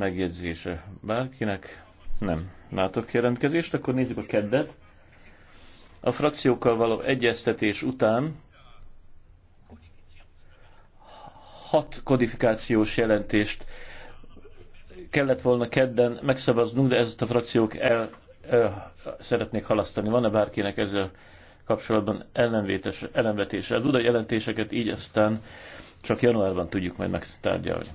megjegyzése bárkinek? Nem. Látok jelentkezést, akkor nézzük a keddet. A frakciókkal való egyeztetés után hat kodifikációs jelentést kellett volna kedden megszavaznunk, de ezt a frakciók el, el szeretnék halasztani. Van-e bárkinek ezzel kapcsolatban ellenvetése? A Duda jelentéseket így aztán csak januárban tudjuk majd megtárgyalni.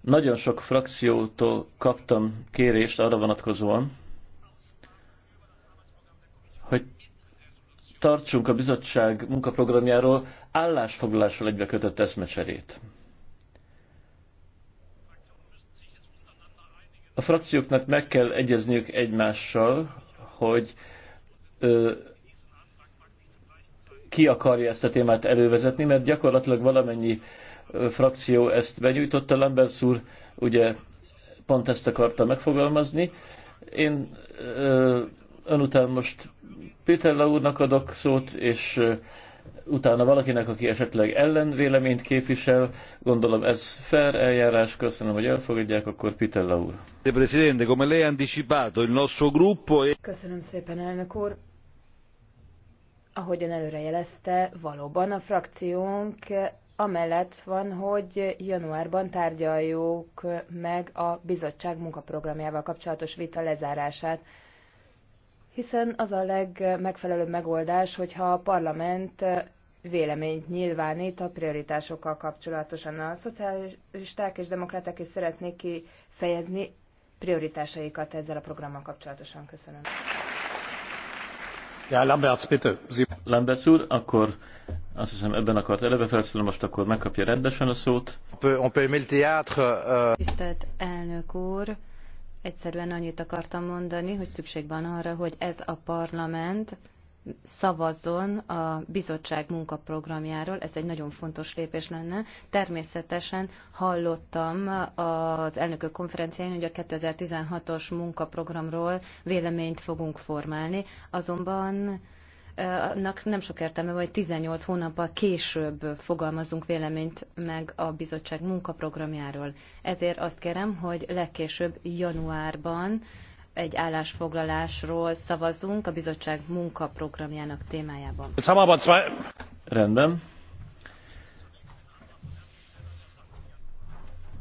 Nagyon sok frakciótól kaptam kérést arra vonatkozóan, hogy tartsunk a bizottság munkaprogramjáról állásfoglalással kötött eszmecserét. A frakcióknak meg kell egyezniük egymással, hogy ö, ki akarja ezt a témát elővezetni, mert gyakorlatilag valamennyi frakció ezt benyújtotta, Lambert úr ugye pont ezt akarta megfogalmazni. Én ön után most Péter úrnak adok szót, és utána valakinek, aki esetleg ellen véleményt képvisel, gondolom ez fair eljárás, köszönöm, hogy elfogadják, akkor Péter úr. Presidente, come lei anticipato, il nostro gruppo... Köszönöm szépen, elnök úr. Ahogyan előre jelezte, valóban a frakciónk amellett van, hogy januárban tárgyaljuk meg a bizottság munkaprogramjával kapcsolatos vita lezárását, hiszen az a legmegfelelőbb megoldás, hogyha a parlament véleményt nyilvánít a prioritásokkal kapcsolatosan. A szocialisták és demokraták is szeretnék kifejezni prioritásaikat ezzel a programmal kapcsolatosan. Köszönöm. Lamberts, úr, akkor azt hiszem ebben akart eleve felszólni, most akkor megkapja rendesen a szót. Euh. Tisztelt elnök úr, egyszerűen annyit akartam mondani, hogy szükség van arra, hogy ez a parlament szavazzon a bizottság munkaprogramjáról, ez egy nagyon fontos lépés lenne. Természetesen hallottam az elnökök konferencián, hogy a 2016-os munkaprogramról véleményt fogunk formálni, azonban eh, annak nem sok értelme, vagy 18 hónappal később fogalmazunk véleményt meg a bizottság munkaprogramjáról. Ezért azt kérem, hogy legkésőbb januárban egy állásfoglalásról szavazunk a bizottság munkaprogramjának témájában. Rendben.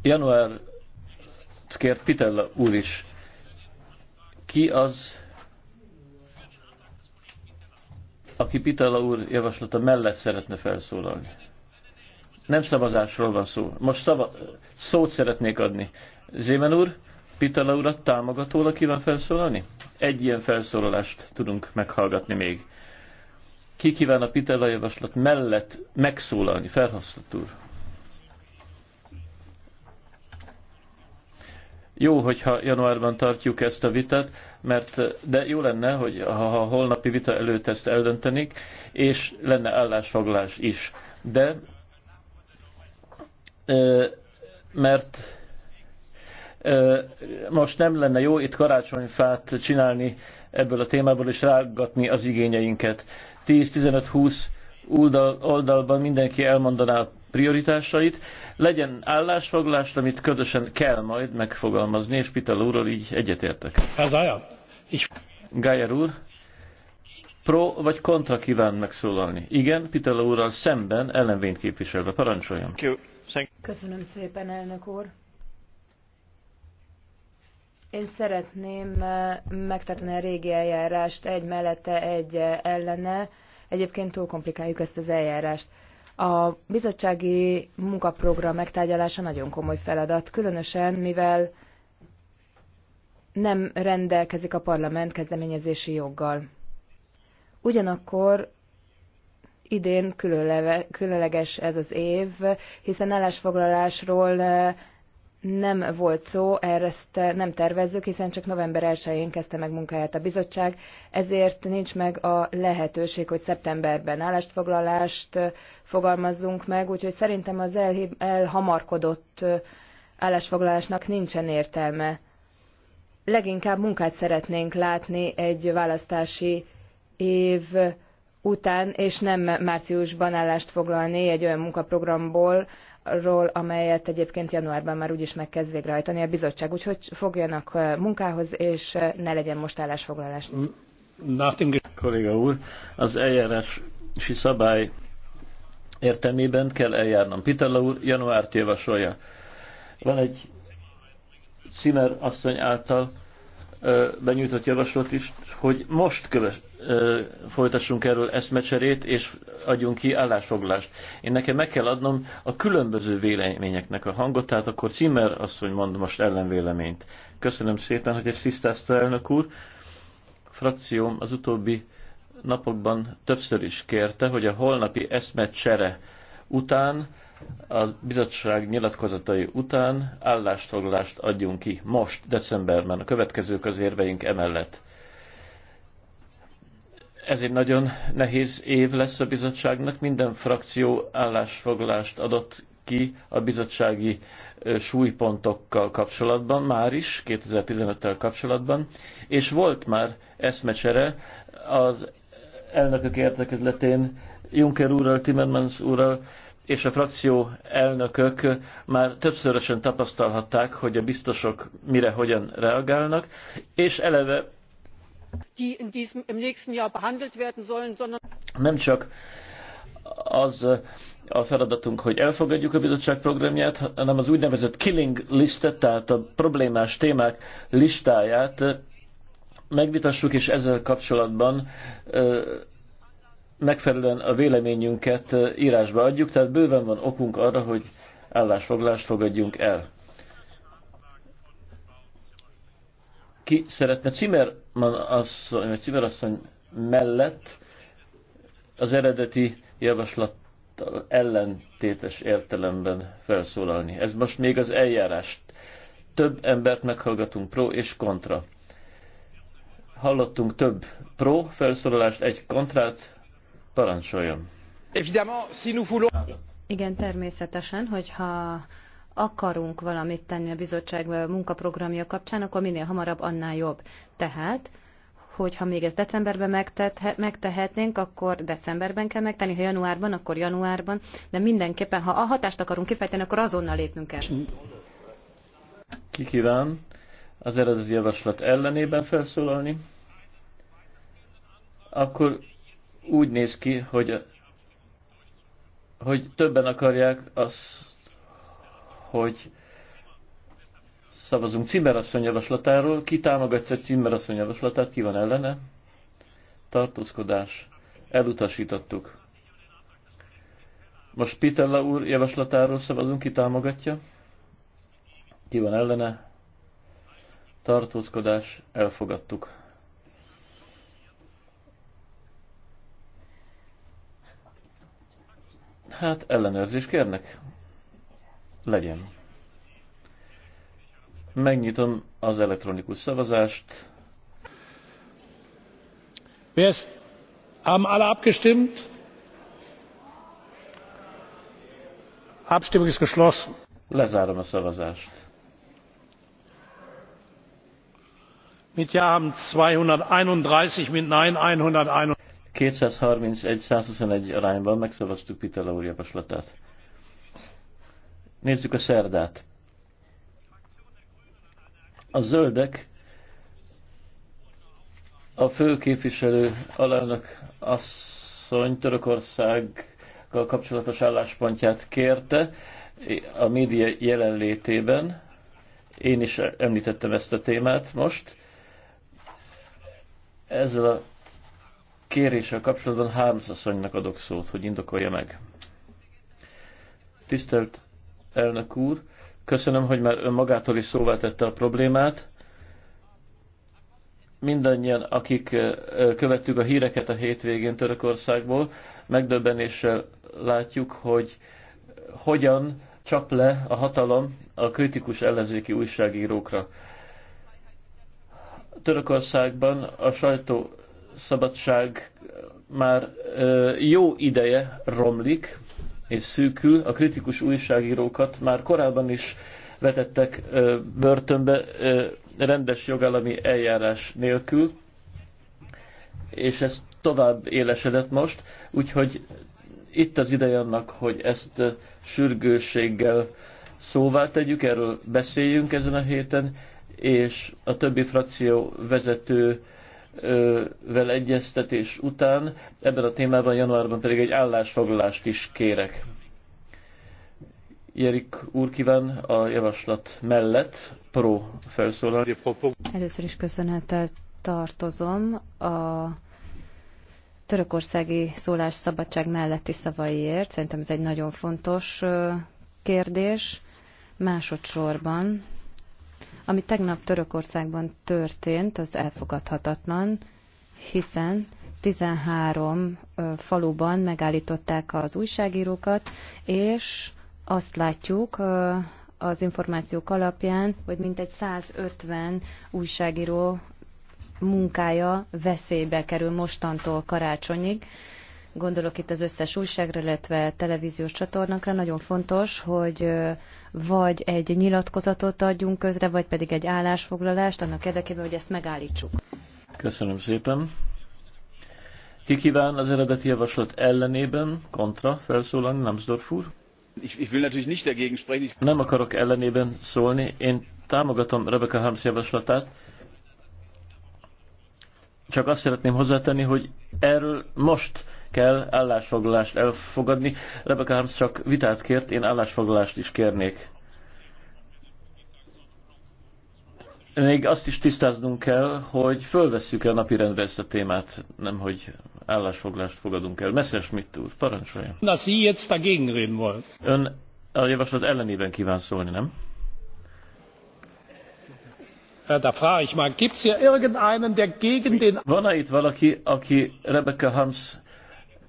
Január kért Pitella úr is. Ki az, aki Pitella úr javaslata mellett szeretne felszólalni? Nem szavazásról van szó. Most szava- szót szeretnék adni. Zémen úr? Pitala urat támogatólag kíván felszólalni? Egy ilyen felszólalást tudunk meghallgatni még. Ki kíván a Pitala javaslat mellett megszólalni? Felhasztott úr. Jó, hogyha januárban tartjuk ezt a vitát, mert de jó lenne, hogy ha a holnapi vita előtt ezt eldöntenik, és lenne állásfoglalás is. De mert most nem lenne jó itt karácsonyfát csinálni ebből a témából, és rágatni az igényeinket. 10-15-20 oldal, oldalban mindenki elmondaná a prioritásait. Legyen állásfoglalást, amit közösen kell majd megfogalmazni, és Pital úrral így egyetértek. Ez Gájer Gájer úr, pro vagy kontra kíván megszólalni? Igen, Pitala úrral szemben ellenvényt képviselve. Parancsoljon. Köszönöm szépen, elnök úr. Én szeretném megtartani a régi eljárást egy mellette, egy ellene. Egyébként túl komplikáljuk ezt az eljárást. A bizottsági munkaprogram megtárgyalása nagyon komoly feladat, különösen mivel nem rendelkezik a parlament kezdeményezési joggal. Ugyanakkor idén különleges ez az év, hiszen állásfoglalásról nem volt szó, erre ezt nem tervezzük, hiszen csak november 1-én kezdte meg munkáját a bizottság, ezért nincs meg a lehetőség, hogy szeptemberben foglalást fogalmazzunk meg, úgyhogy szerintem az elhamarkodott állásfoglalásnak nincsen értelme. Leginkább munkát szeretnénk látni egy választási év után, és nem márciusban állást foglalni egy olyan munkaprogramból, munkáról, amelyet egyébként januárban már úgyis megkezd végrehajtani a bizottság. Úgyhogy fogjanak munkához, és ne legyen most állásfoglalás. Mm, nothing, kolléga úr. Az eljárási szabály értelmében kell eljárnom. Pitella úr januárt javasolja. Van egy Cimer asszony által benyújtott javaslat is, hogy most köves, ö, folytassunk erről eszmecserét, és adjunk ki állásfoglást. Én nekem meg kell adnom a különböző véleményeknek a hangot, tehát akkor azt, hogy mond most ellenvéleményt. Köszönöm szépen, hogy ezt tisztázta elnök úr. A frakcióm az utóbbi napokban többször is kérte, hogy a holnapi eszmecsere után, a bizottság nyilatkozatai után állásfoglalást adjunk ki most, decemberben. A következők az érveink emellett. Ez egy nagyon nehéz év lesz a bizottságnak. Minden frakció állásfoglalást adott ki a bizottsági súlypontokkal kapcsolatban, már is 2015-tel kapcsolatban, és volt már eszmecsere az elnökök értekezletén Juncker úrral, Timmermans úrral és a frakció elnökök már többszörösen tapasztalhatták, hogy a biztosok mire, hogyan reagálnak, és eleve nem csak az a feladatunk, hogy elfogadjuk a bizottság programját, hanem az úgynevezett killing listet, tehát a problémás témák listáját megvitassuk, és ezzel kapcsolatban megfelelően a véleményünket írásba adjuk, tehát bőven van okunk arra, hogy állásfoglást fogadjunk el. Ki szeretne Cimerman asszony, vagy Cimer asszony mellett az eredeti javaslat ellentétes értelemben felszólalni. Ez most még az eljárást. Több embert meghallgatunk pro és kontra. Hallottunk több pro felszólalást, egy kontrát, Parancsoljon. Igen, természetesen, hogyha akarunk valamit tenni a bizottság munkaprogramja kapcsán, akkor minél hamarabb, annál jobb. Tehát, hogyha még ezt decemberben megtehetnénk, akkor decemberben kell megtenni, ha januárban, akkor januárban, de mindenképpen, ha a hatást akarunk kifejteni, akkor azonnal lépnünk el. Ki kíván az eredeti javaslat ellenében felszólalni? Akkor úgy néz ki, hogy, hogy többen akarják azt, hogy szavazunk Cimmerasszony javaslatáról. Ki támogatja Cimmerasszony javaslatát? Ki van ellene? Tartózkodás. Elutasítottuk. Most Pitella úr javaslatáról szavazunk, ki támogatja? Ki van ellene? Tartózkodás. Elfogadtuk. Hát ellenőrzés kérnek? Legyen. Megnyitom az elektronikus szavazást. Wer Haben alle abgestimmt? Abstimmung ist geschlossen. Lezárom a szavazást. Mit Ja haben 231, mit Nein 131. 231-121 arányban megszavaztuk Pitella úr javaslatát. Nézzük a szerdát. A zöldek a főképviselő alelnök asszony Törökországgal kapcsolatos álláspontját kérte a média jelenlétében. Én is említettem ezt a témát most. Ezzel a kéréssel kapcsolatban Harms asszonynak adok szót, hogy indokolja meg. Tisztelt elnök úr, köszönöm, hogy már ön magától is szóvá tette a problémát. Mindannyian, akik követtük a híreket a hétvégén Törökországból, megdöbbenéssel látjuk, hogy hogyan csap le a hatalom a kritikus ellenzéki újságírókra. Törökországban a sajtó szabadság már jó ideje romlik és szűkül. A kritikus újságírókat már korábban is vetettek börtönbe rendes jogállami eljárás nélkül, és ez tovább élesedett most, úgyhogy itt az ideje annak, hogy ezt sürgőséggel szóvá tegyük, erről beszéljünk ezen a héten, és a többi frakció vezető vel egyeztetés után, ebben a témában januárban pedig egy állásfoglalást is kérek. Jerik úr kíván a javaslat mellett pro felszólalni. Először is köszönettel tartozom a törökországi szólásszabadság melletti szavaiért. Szerintem ez egy nagyon fontos kérdés. Másodszorban ami tegnap Törökországban történt, az elfogadhatatlan, hiszen 13 faluban megállították az újságírókat, és azt látjuk az információk alapján, hogy mintegy 150 újságíró munkája veszélybe kerül mostantól karácsonyig gondolok itt az összes újságra, illetve televíziós csatornákra, nagyon fontos, hogy vagy egy nyilatkozatot adjunk közre, vagy pedig egy állásfoglalást annak érdekében, hogy ezt megállítsuk. Köszönöm szépen. Ki kíván az eredeti javaslat ellenében, kontra felszólalni, Namsdorf úr? Ich, ich will natürlich nicht dagegen sprechen. Nem akarok ellenében szólni. Én támogatom Rebecca Harms javaslatát. Csak azt szeretném hozzátenni, hogy erről most kell állásfoglalást elfogadni. Rebecca Harms csak vitát kért, én állásfoglalást is kérnék. Még azt is tisztáznunk kell, hogy fölvesszük napi rendre ezt a témát, nem hogy állásfoglalást fogadunk el. mit úr, parancsoljon. Na, Sie jetzt dagegen volt. Ön a javaslat ellenében kíván szólni, nem? Da frage ich mal, es hier irgendeinen, der gegen den... Van-e itt valaki, aki Rebecca Harms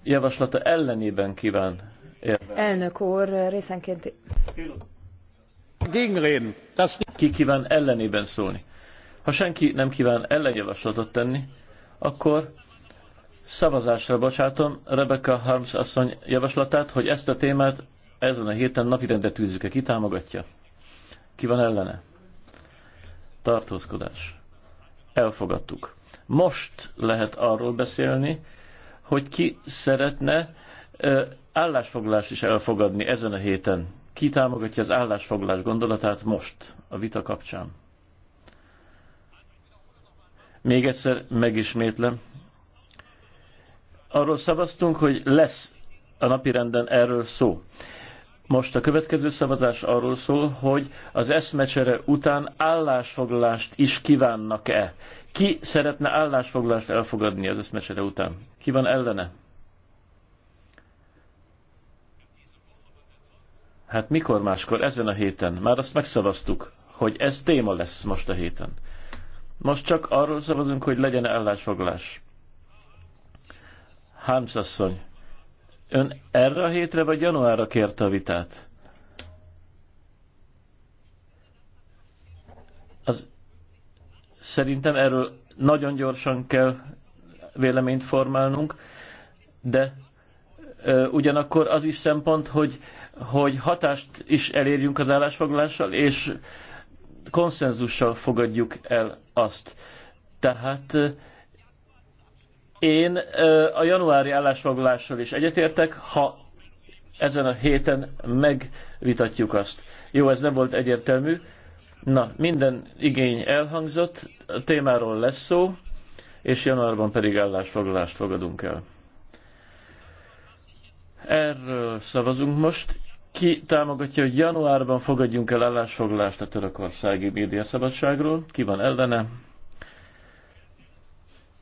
javaslata ellenében kíván érvelni. Elnök úr, részenként... Ki kíván ellenében szólni? Ha senki nem kíván ellenjavaslatot tenni, akkor szavazásra bocsátom Rebecca Harms asszony javaslatát, hogy ezt a témát ezen a héten napirendre tűzzük-e. Ki támogatja? Ki van ellene? Tartózkodás. Elfogadtuk. Most lehet arról beszélni, hogy ki szeretne állásfoglalást is elfogadni ezen a héten. Ki támogatja az állásfoglalás gondolatát most, a vita kapcsán? Még egyszer megismétlem. Arról szavaztunk, hogy lesz a napirenden erről szó. Most a következő szavazás arról szól, hogy az eszmecsere után állásfoglalást is kívánnak-e. Ki szeretne állásfoglalást elfogadni az eszmecsere után? Ki van ellene? Hát mikor máskor? Ezen a héten. Már azt megszavaztuk, hogy ez téma lesz most a héten. Most csak arról szavazunk, hogy legyen állásfoglalás. Hámszasszony. asszony. Ön erre a hétre vagy januárra kérte a vitát? Az, szerintem erről nagyon gyorsan kell véleményt formálnunk, de ö, ugyanakkor az is szempont, hogy, hogy hatást is elérjünk az állásfoglalással, és konszenzussal fogadjuk el azt. Tehát én a januári állásfoglalással is egyetértek, ha ezen a héten megvitatjuk azt. Jó, ez nem volt egyértelmű. Na, minden igény elhangzott, a témáról lesz szó, és januárban pedig állásfoglalást fogadunk el. Erről szavazunk most. Ki támogatja, hogy januárban fogadjunk el állásfoglalást a törökországi médiaszabadságról? Ki van ellene?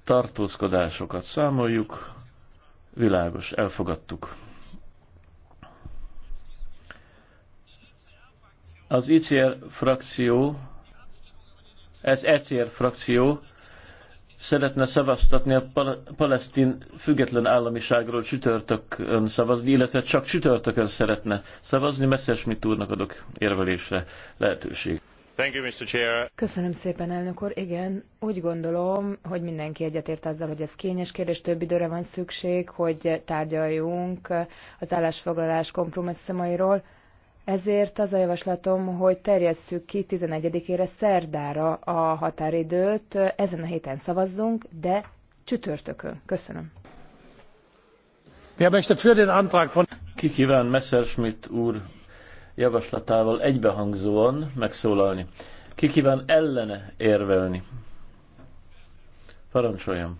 tartózkodásokat számoljuk, világos, elfogadtuk. Az ICR frakció, ez ECR frakció szeretne szavaztatni a pal palesztin független államiságról csütörtökön szavazni, illetve csak csütörtökön szeretne szavazni, mit úrnak adok érvelésre lehetőség. Köszönöm szépen, elnök úr. Igen, úgy gondolom, hogy mindenki egyetért azzal, hogy ez kényes kérdés, több időre van szükség, hogy tárgyaljunk az állásfoglalás kompromisszumairól. Ezért az a javaslatom, hogy terjesszük ki 11-ére szerdára a határidőt, ezen a héten szavazzunk, de csütörtökön. Köszönöm. Ki kíván Messerschmidt úr javaslatával egybehangzóan megszólalni. Ki kíván ellene érvelni? Parancsoljam.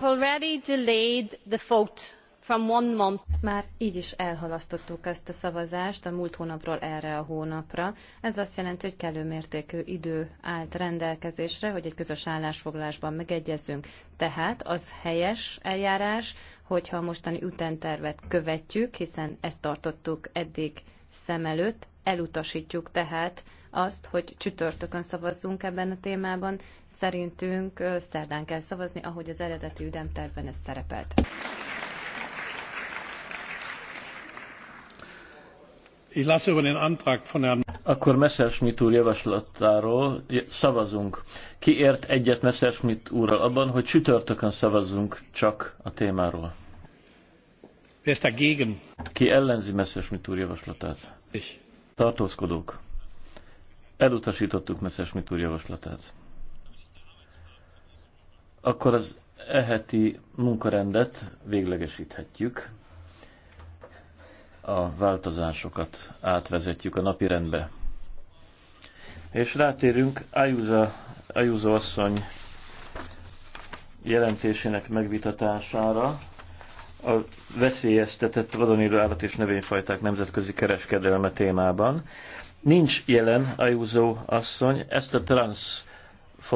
Already delayed the vote from one month. Már így is elhalasztottuk ezt a szavazást a múlt hónapról erre a hónapra. Ez azt jelenti, hogy kellő mértékű idő állt rendelkezésre, hogy egy közös állásfoglásban megegyezzünk. Tehát az helyes eljárás, hogyha a mostani ütentervet követjük, hiszen ezt tartottuk eddig szem előtt, elutasítjuk tehát azt, hogy csütörtökön szavazzunk ebben a témában. Szerintünk szerdán kell szavazni, ahogy az eredeti üdemtervben ez szerepelt. Akkor Messerschmidt úr javaslatáról szavazunk. Ki ért egyet Messerschmidt úrral abban, hogy csütörtökön szavazzunk csak a témáról? Ki ellenzi Messerschmidt úr javaslatát? Ich. Tartózkodók. Elutasítottuk Messerschmidt úr javaslatát. Akkor az eheti munkarendet véglegesíthetjük a változásokat átvezetjük a napirendbe. És rátérünk Ayuza, Ayuza asszony jelentésének megvitatására a veszélyeztetett vadonélő állat és növényfajták nemzetközi kereskedelme témában. Nincs jelen Ayuso asszony, ezt a transz